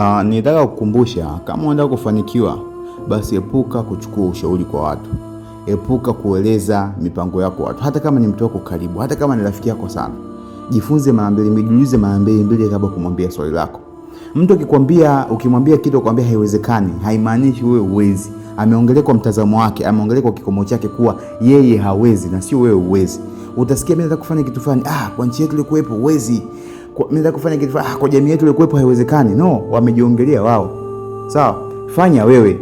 Uh, ah, nitaka kukumbusha kama unataka kufanikiwa, basi epuka kuchukua ushauri kwa watu, epuka kueleza mipango yako watu, hata kama ni mtu wako karibu, hata kama ni rafiki yako sana. Jifunze mara mbili mjiulize mara mbili mbili kabla kumwambia swali lako. Mtu akikwambia, ukimwambia kitu akwambia haiwezekani, haimaanishi wewe uwezi. Ameongelea kwa mtazamo wake, ameongelea kwa kikomo chake kuwa yeye hawezi na sio wewe uwezi. Utasikia mimi nataka kufanya kitu fulani, ah, kwa nchi yetu ilikuwepo uwezi mnaweza kufanya kitu ah, kwa jamii yetu ilikuwepo haiwezekani. No, wamejiongelea wao. Sawa, fanya wewe.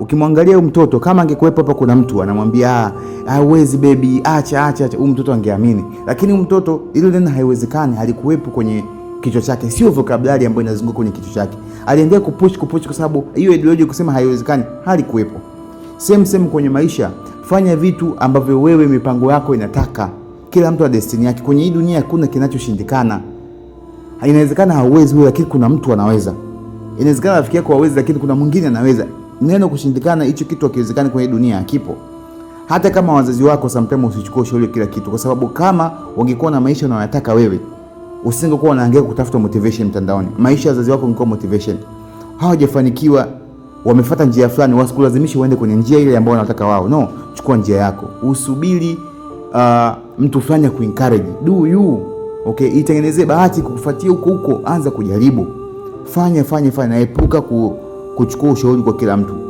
Ukimwangalia huyu mtoto kama angekuwepo hapa, kuna mtu anamwambia hawezi, ah, baby, acha acha acha, huyu mtoto angeamini, lakini huyu mtoto ile neno haiwezekani halikuwepo kwenye kichwa chake, sio vocabulary ambayo inazunguka kwenye kichwa chake. Aliendelea kupush kupush, kwa sababu hiyo ideology kusema haiwezekani halikuwepo. Same same kwenye maisha, fanya vitu ambavyo wewe mipango yako inataka. Kila mtu ana destiny yake kwenye hii dunia, hakuna kinachoshindikana. Inawezekana hauwezi wewe, lakini kuna mtu anaweza. Inawezekana rafiki yako hawezi, lakini kuna mwingine anaweza. Neno kushindikana, hicho kitu hakiwezekani kwenye dunia, hakipo. Hata kama wazazi wako, sometimes usichukue ushauri wa kila kitu, kwa sababu kama wangekuwa na maisha unayotaka wewe, usingekuwa unahangaika kutafuta motivation mtandaoni. Maisha ya wazazi wako ingekuwa motivation. Hawajafanikiwa, wamefuata njia fulani, wasikulazimishe uende kwenye njia ile ambayo wanataka wao. No, chukua njia yako, usubiri uh, mtu fulani ya kuencourage do you okay, itengenezee bahati kukufuatia huko huko, anza kujaribu, fanya fanya fanya, naepuka ku, kuchukua ushauri kwa kila mtu.